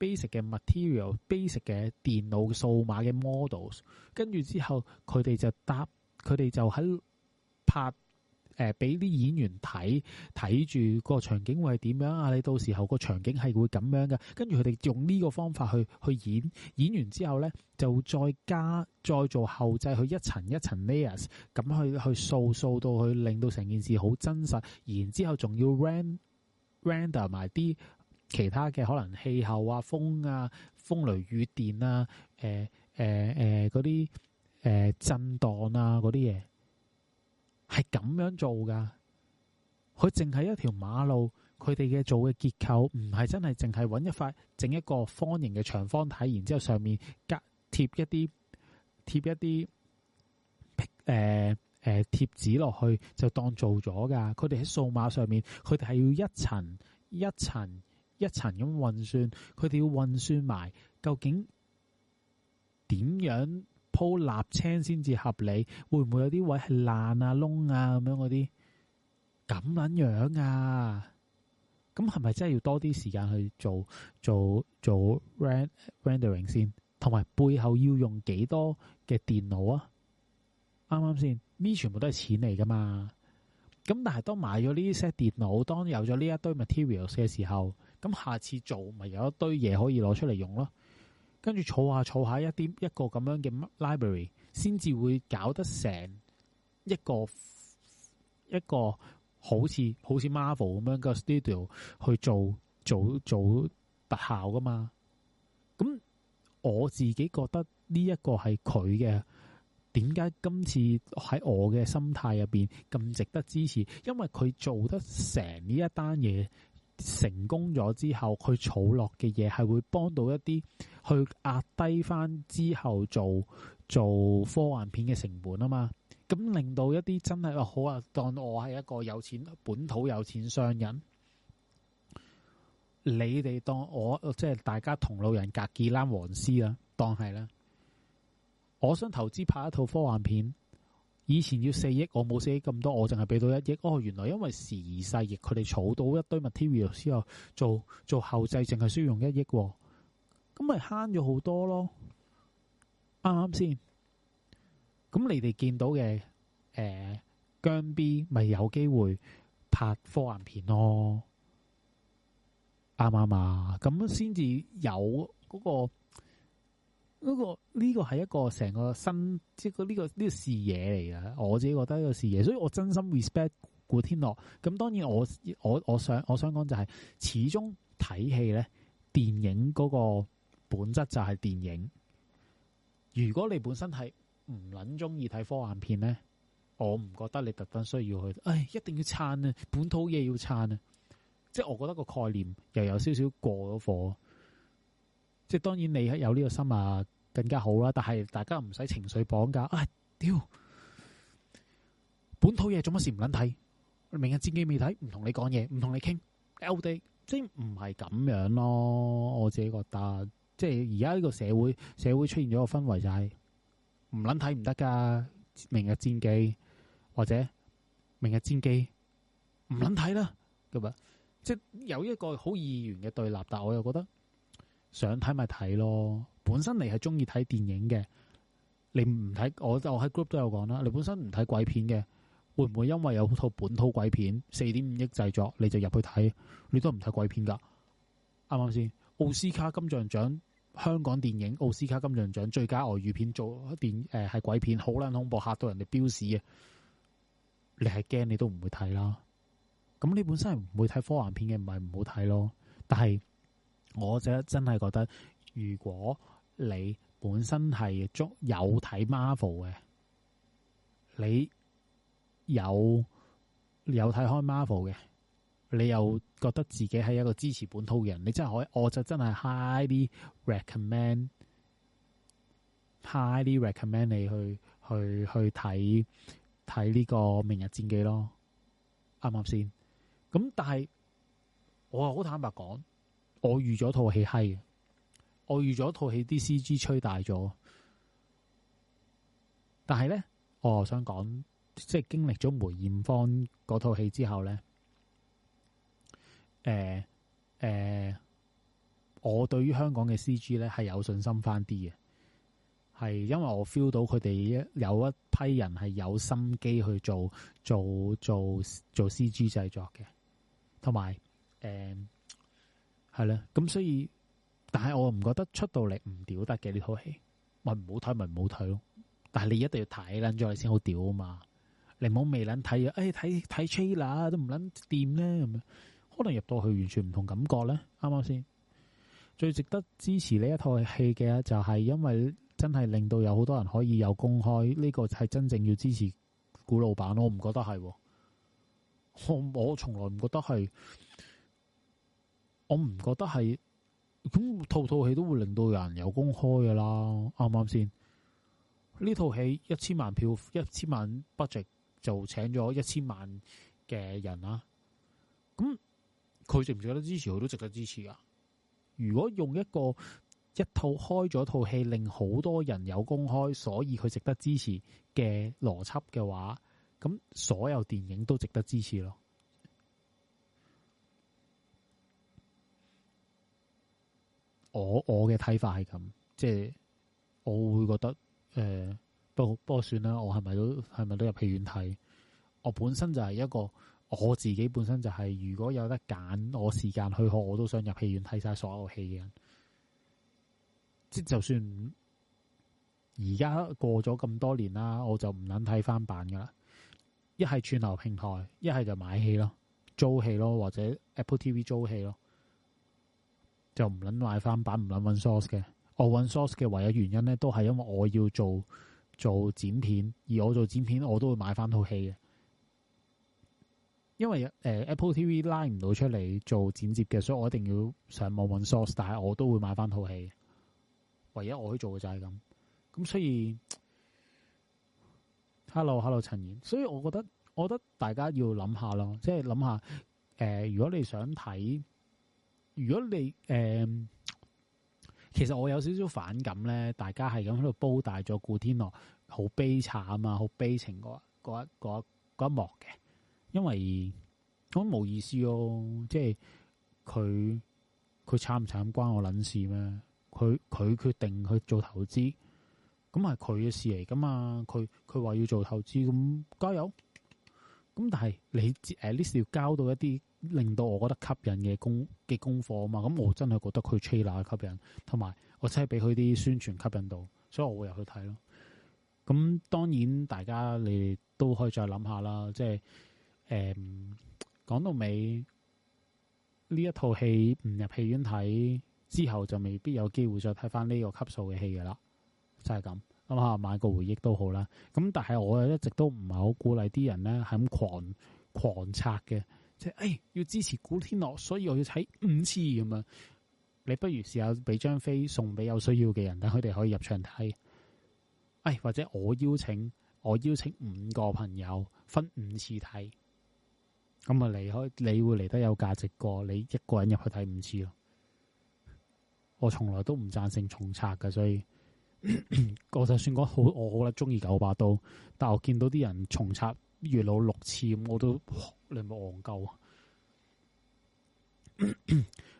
basic 嘅 material，basic 嘅電腦數碼嘅 models，跟住之後，佢哋就搭，佢哋就喺拍。誒俾啲演員睇睇住個場景會係點樣啊！你到時候個場景係會咁樣嘅，跟住佢哋用呢個方法去去演演完之後咧，就再加再做後製，一層一層 layers，去一層一層 layers，咁去去掃掃到去令到成件事好真實。然之後仲要 render render 埋啲其他嘅可能氣候啊、風啊、風雷雨電啊、誒誒嗰啲震盪啊嗰啲嘢。係咁樣做噶，佢淨係一條馬路，佢哋嘅做嘅結構唔係真係淨係搵一塊整一個方形嘅長方體，然之後上面隔貼一啲貼一啲誒誒貼紙落去就當做咗噶。佢哋喺數碼上面，佢哋係要一層一層一層咁運算，佢哋要運算埋究竟點樣。鋪立青先至合理，會唔會有啲位係爛啊、窿啊咁樣嗰啲？咁捻樣啊？咁係咪真係要多啲時間去做做做 rendering 先？同埋背後要用幾多嘅電腦啊？啱唔啱先？咪全部都係錢嚟㗎嘛？咁但係當買咗呢 set 電腦，當有咗呢一堆 materials 嘅時候，咁下次做咪有一堆嘢，可以攞出嚟用咯。跟住儲下儲下一啲一個咁樣嘅 library，先至會搞得成一個一個好似好似 Marvel 咁樣嘅 studio 去做做做特效噶嘛？咁我自己覺得呢一個係佢嘅點解今次喺我嘅心態入邊咁值得支持？因為佢做得成呢一單嘢。成功咗之後，佢儲落嘅嘢係會幫到一啲去壓低返之後做做科幻片嘅成本啊嘛。咁令到一啲真係話好啊，當我係一個有錢本土有錢商人，你哋當我即係、就是、大家同路人，格爾蘭王師啊，當係啦。我想投資拍一套科幻片。以前要四億，我冇四億咁多，我淨係俾到一億。哦，原來因為時勢，亦佢哋儲到一堆 material 之後，做做後製，淨係需要用一億，咁咪慳咗好多咯。啱啱先？咁你哋見到嘅，誒、欸，薑 B 咪有機會拍科幻片咯？啱啱啊？咁先至有嗰、嗰個。嗰個呢個係一個成個新，即係呢個呢個視野嚟㗎，我自己覺得呢個視野，所以我真心 respect 古天樂。咁當然我我我想我想講就係，始終睇戲咧，電影嗰個本質就係電影。如果你本身係唔撚中意睇科幻片咧，我唔覺得你特登需要去，唉，一定要撐啊，本土嘢要撐啊，即係我覺得個概念又有少少過咗火。即係當然你係有呢個心啊。更加好啦，但係大家唔使情緒綁架啊！屌，本土嘢做乜事唔捻睇？明日戰記未睇，唔同你講嘢，唔同你傾 LD，即係唔係咁樣咯？我自己覺得，即係而家呢個社會，社會出現咗個氛圍就係唔捻睇唔得噶。明日戰記或者明日戰記唔捻睇啦，咁啊，即係有一個好二元嘅對立，但係我又覺得想睇咪睇咯。本身你係中意睇電影嘅，你唔睇我就喺 group 都有講啦。你本身唔睇鬼片嘅，會唔會因為有套本土鬼片四點五億製作，你就入去睇？你都唔睇鬼片噶，啱唔啱先？奧斯卡金像獎，香港電影奧斯卡金像獎最佳外語片做電誒係、呃、鬼片，好撚恐怖，嚇到人哋飆屎。啊！你係驚，你都唔會睇啦。咁你本身唔會睇科幻片嘅，咪唔好睇咯。但係我就真係覺得，如果你本身係足有睇 Marvel 嘅，你有有睇開 Marvel 嘅，你又覺得自己係一個支持本土嘅人，你真係可以，我就真係 highly recommend，highly recommend 你去去去睇睇呢個明日戰記咯，啱唔啱先？咁但係我好坦白講，我預咗套戲 high 嘅。我預咗套戲啲 CG 吹大咗，但係咧，我想講，即係經歷咗梅艷芳嗰套戲之後咧，誒、呃、誒、呃，我對於香港嘅 CG 咧係有信心翻啲嘅，係因為我 feel 到佢哋一有一批人係有心機去做做做做 CG 製作嘅，同埋誒係啦，咁、呃、所以。但係我唔覺得出到嚟唔屌得嘅呢套戲，咪唔好睇咪唔好睇咯。但係你一定要睇捻咗你先好屌啊嘛！你冇未捻睇啊？誒、哎，睇睇 trailer 都唔捻掂咧咁樣，可能入到去完全唔同感覺咧，啱啱先？最值得支持呢一套戲嘅就係因為真係令到有好多人可以有公開呢、呢個係真正要支持古老闆咯。我唔覺得係，我我從來唔覺得係，我唔覺得係。咁套套戲都會令到有人有公開㗎啦，啱唔啱先？呢套戲一千萬票，一千萬 budget 就請咗一千萬嘅人啦。咁佢值唔值得支持？佢都值得支持噶。如果用一個一套開咗套戲，令好多人有公開，所以佢值得支持嘅邏輯嘅話，咁所有電影都值得支持咯。我我嘅睇法係咁，即係我會覺得誒、呃，不過不過算啦。我係咪都係咪都入戲院睇？我本身就係一個我自己本身就係、是，如果有得揀，我時間許可我都想入戲院睇晒所有戲嘅人，即係就算而家過咗咁多年啦，我就唔諗睇翻版噶啦。一係串流平台，一係就買戲咯，租戲咯，或者 Apple TV 租戲咯。就唔捻買翻版，唔捻搵 source 嘅。我搵 source 嘅唯一原因咧，都係因為我要做做剪片，而我做剪片，我都會買翻套戲嘅。因為誒、呃、Apple TV 拉唔到出嚟做剪接嘅，所以我一定要上網搵 source，但係我都會買翻套戲。唯一我可以做嘅就係咁。咁所以，hello hello 陳燕，所以我覺得，我覺得大家要諗下咯，即係諗下，誒、呃，如果你想睇。如果你誒、呃，其實我有少少反感咧，大家係咁喺度煲大咗古天樂，好悲慘啊，好悲情嗰嗰嗰一幕嘅，因為我冇意思咯、哦，即係佢佢慘唔慘關我撚事咩？佢佢決定去做投資，咁係佢嘅事嚟噶嘛？佢佢話要做投資，咁加油。咁但係你誒 least 要交到一啲。令到我覺得吸引嘅功嘅功課啊嘛，咁我真係覺得佢吹 r 吸引，同埋我真係俾佢啲宣傳吸引到，所以我會入去睇咯。咁當然大家你哋都可以再諗下啦，即係誒講到尾呢一套戲唔入戲院睇之後，就未必有機會再睇翻呢個級數嘅戲嘅啦，就係咁諗下買個回憶都好啦。咁但係我一直都唔係好鼓勵啲人咧，係咁狂狂拆嘅。誒、哎，要支持古天樂，所以我要睇五次咁啊！你不如試下俾張飛送俾有需要嘅人，等佢哋可以入場睇。誒、哎，或者我邀請我邀請五個朋友，分五次睇，咁啊，離開你會嚟得有價值過你一個人入去睇五次咯。我從來都唔贊成重刷嘅，所以咳咳我就算講好，我好咧中意九把刀，但我見到啲人重刷，月老六次，我都你冇戇鳩啊？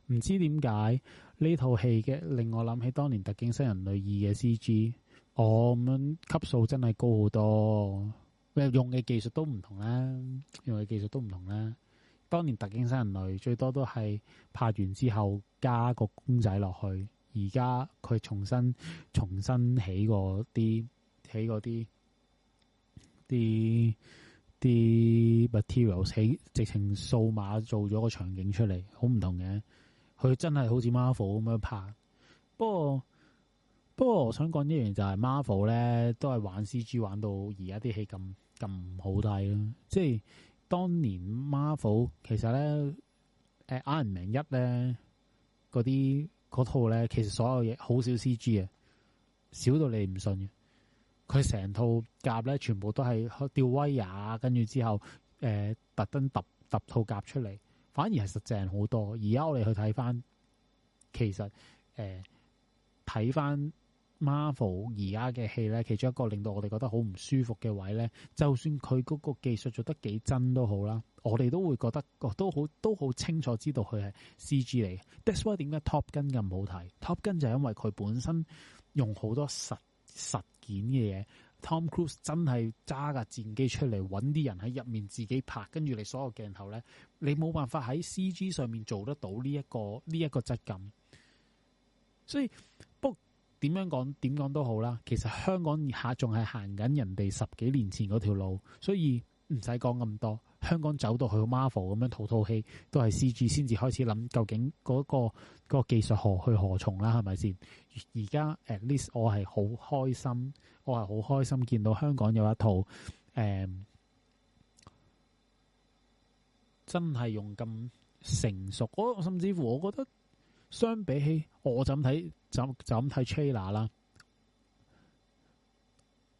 唔 知點解呢套戲嘅令我諗起當年《特警新人類二》嘅 CG，我咁樣級數真係高好多，用嘅技術都唔同啦，用嘅技術都唔同啦。當年《特警新人類》最多都係拍完之後加個公仔落去，而家佢重新重新起過啲起啲啲。啲 materials 直情數碼做咗個場景出嚟，不的的好唔同嘅。佢真係好似 Marvel 咁樣拍。不過不過，我想講一樣就係 Marvel 咧，都係玩 CG 玩到而家啲戲咁咁好睇咯。即係當年 Marvel 其實咧，誒 Iron Man 呢那些那一咧嗰啲嗰套咧，其實所有嘢好少 CG 啊，少到你唔信嘅。佢成套甲咧，全部都係吊威也，啊，跟住之後誒、呃，特登揼揼套甲出嚟，反而係實淨好多。而家我哋去睇翻，其實誒睇、呃、翻 Marvel 而家嘅戲咧，其中一個令到我哋覺得好唔舒服嘅位咧，就算佢個技術做得幾真都好啦，我哋都會覺得都好都好清楚知道佢係 CG 嚟嘅，that's why 點解 Top Gun 咁好睇？Top Gun 就係因為佢本身用好多實。實件嘅嘢，Tom Cruise 真係揸架戰機出嚟，揾啲人喺入面自己拍，跟住你所有鏡頭呢，你冇辦法喺 CG 上面做得到呢一個呢一個質感。所以，不過點樣講，點講都好啦，其實香港下仲係行緊人哋十幾年前嗰條路，所以唔使講咁多。香港走到去 Marvel 咁樣套套戲，都係 CG 先至開始諗，究竟嗰個個技術何去何從啦，係咪先？而家 at least 我係好開心，我係好開心見到香港有一套誒、嗯，真係用咁成熟，我、哦、甚至乎我覺得相比起，我就咁睇就就咁睇 Trailer 啦，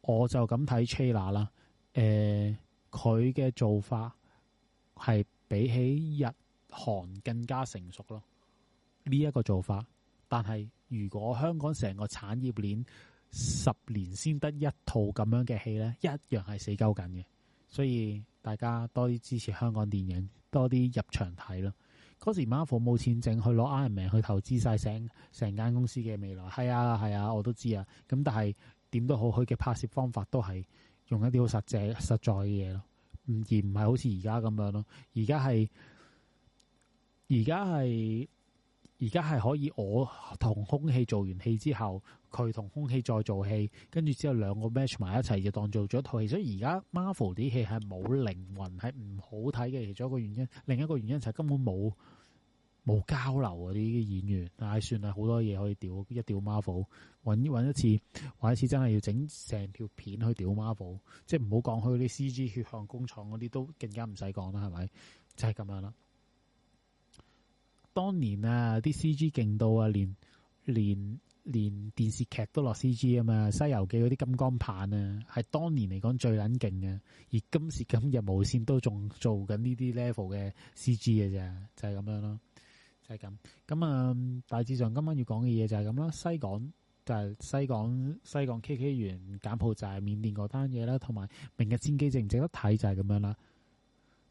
我就咁睇 Trailer 啦，誒、嗯。佢嘅做法係比起日韓更加成熟咯，呢、這、一個做法。但係如果香港成個產業鏈十年先得一套咁樣嘅戲呢，一樣係死鳩緊嘅。所以大家多啲支持香港電影，多啲入場睇咯。嗰時，Marvel 冇錢整，去攞 Iron Man 去投資晒成成間公司嘅未來。係啊係啊，我都知啊。咁但係點都好，佢嘅拍攝方法都係。用一啲好實際實在嘅嘢咯，而唔係好似而家咁樣咯。而家係，而家係，而家係可以我同空氣做完戲之後，佢同空氣再做戲，跟住之後兩個 match 埋一齊就當做咗一套戲。所以而家 Marvel 啲戲係冇靈魂，係唔好睇嘅其中一個原因。另一個原因就係根本冇。冇交流啊，呢啲演員，但係算啦，好多嘢可以屌一屌 Marvel，揾一揾一次，揾一次真係要整成條片去屌 Marvel，即係唔好講去啲 CG 血汗工廠嗰啲，都更加唔使講啦。係咪就係咁樣啦。當年啊，啲 CG 勁到啊，連連連電視劇都落 CG 啊嘛，《西遊記》嗰啲金剛棒啊，係當年嚟講最撚勁嘅。而今時今日無線都仲做緊呢啲 level 嘅 CG 嘅啫，就係咁樣咯。就係咁，咁啊，大致上今晚要講嘅嘢就係咁啦。西港就係、是、西港西港 K K 園柬埔寨緬甸嗰單嘢啦，同埋明日戰記值唔值得睇就係咁樣啦。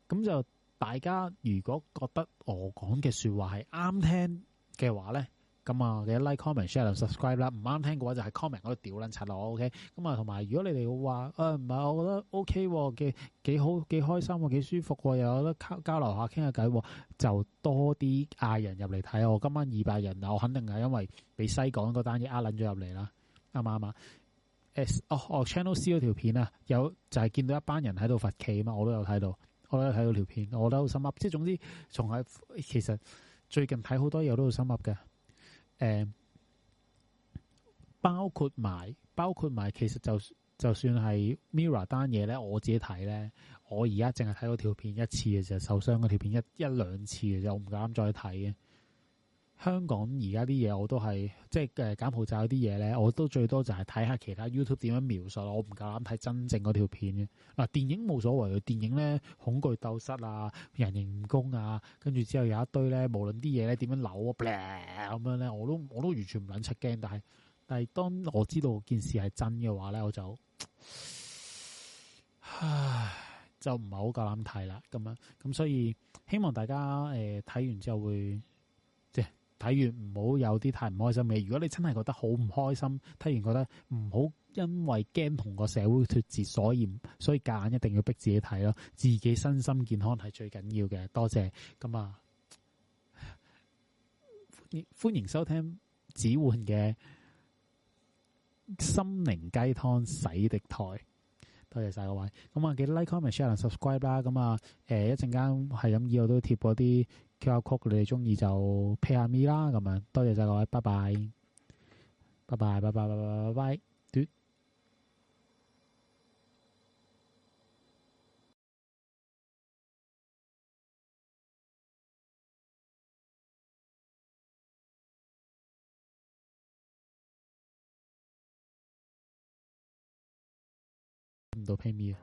咁就大家如果覺得我講嘅說的話係啱聽嘅話咧。咁啊，記得 like comment, share,、comment、啊、share 同 subscribe 啦。唔啱聽嘅話就係 comment 嗰度屌撚柒咯，OK？咁啊，同埋如果你哋會話，啊、哎，唔係，我覺得 OK 嘅、啊，幾好，幾開心喎、啊，幾舒服喎、啊，又有得交流下，傾下偈、啊，就多啲嗌人入嚟睇、啊、我。今晚二百人，我肯定係因為俾西港嗰單嘢呃撚咗入嚟啦，啱唔啱啊？欸、哦我 channel C 嗰條片啊，有就係、是、見到一班人喺度罰企啊嘛，我都有睇到，我都有睇到條片，我都好心噏。即係總之，從係其實最近睇好多嘢都好心噏嘅。誒、嗯，包括埋，包括埋，其實就就算係 Mirror 單嘢咧，我自己睇咧，我而家淨係睇到條片一次嘅啫，受傷嗰條片一一兩次嘅啫，我唔敢再睇嘅。香港而家啲嘢我都係即係誒、柬埔寨嗰啲嘢咧，我都最多就係睇下其他 YouTube 點樣描述，我唔夠膽睇真正嗰條片嘅嗱。電影冇所謂，電影咧，恐懼鬥室啊，人形蜈蚣啊，跟住之後有一堆咧，無論啲嘢咧點樣扭啊，咁樣咧，我都我都完全唔撚出驚。但係但係當我知道這件事係真嘅話咧，我就唉就唔係好夠膽睇啦。咁樣咁，所以希望大家誒睇、呃、完之後會。睇完唔好有啲太唔開心嘅。如果你真係覺得好唔開心，睇完覺得唔好，因為驚同個社會脫節，所以所以硬一定要逼自己睇咯。自己身心健康係最緊要嘅。多謝。咁啊，歡迎收聽指換嘅《心靈雞湯洗的台》。多謝晒各位。咁啊，記得 like，Comment、s h a r e s u b s c r i b e 啦。咁、呃、啊，誒一陣間係咁，以後都貼嗰啲。其他曲你哋中意就聽下咪啦，咁啊，多謝晒各位，拜拜，拜拜，拜拜，拜拜，拜拜，對唔到，聽咪。